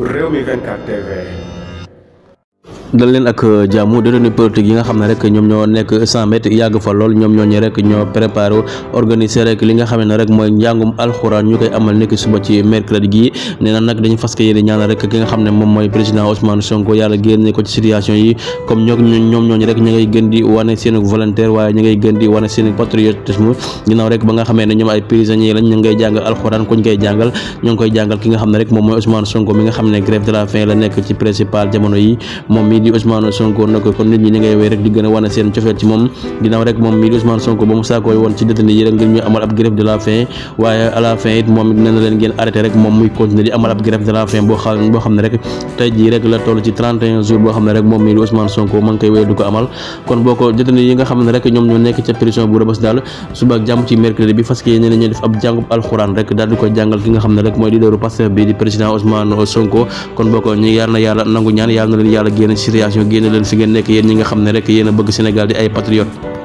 Réumi 24 TV dal leen ak euh, jàmm détenu politique yi nga xam ne rek ñoom ñoo nekk 100 mètres yàgg fa lool ñoom ñoo ñi rek ñoo préparé organiser rek li nga xam ne rek mooy njàngum alxuraan ñu koy amal nekk suba ci mercredi gii nee na nag dañu fas yéene ñaan rek ki nga xam ne moom mooy président Ousmane Sonko yàlla génne ko ci situation yi comme ñoo ñoom ñooñu rek ñu ngay gën di wane seen volontaire waaye ñu ngay gën di wane seen patriotisme ginnaaw rek ba nga xamee ne ñoom ay prisonniers lañ ñu ngay jàng alxuraan kuñ koy jàngal ñoo ngi koy jàngal ki nga xam ne rek moom mooy Ousmane Sonko mi nga xam ne grève de la faim la nekk ci principal jamono yi moom mi di Ousmane Sonko nak ko nit ñi ngay wéy rek di gëna a seen cofeel ci mom ginaaw rek mom mi di Ousmane Sonko ba mu koy won ci détenu yi rek ngir ñu amal ab grève de la faim waye à la fin it moom it nee leen ngeen arrêté rek mom muy continuer di amal ab grève de la faim bo xal bo xamne rek tay ji rek la tollu ci 31 jours bo xamne rek mom mi di Ousmane Sonko man ngi koy wéy du ko amal kon boko ko détenu yi nga xamne rek ñom ñoo nekk ci prison bu rëbës dal suba ak jamm ci mercredi bi fas ñene ñu def ab jàngub alcorane rek dal di ko jangal ki nga xamne rek moy di dooru Pastef bi di président Ousmane Sonko kon boko ñi ñu yàlla na yàlla nangu ñaan yalla na leen yalla gën ci réconciliation génne leen fi ngeen nekk yéen ñi nga xam ne rek yéen bëgg Sénégal di ay patriote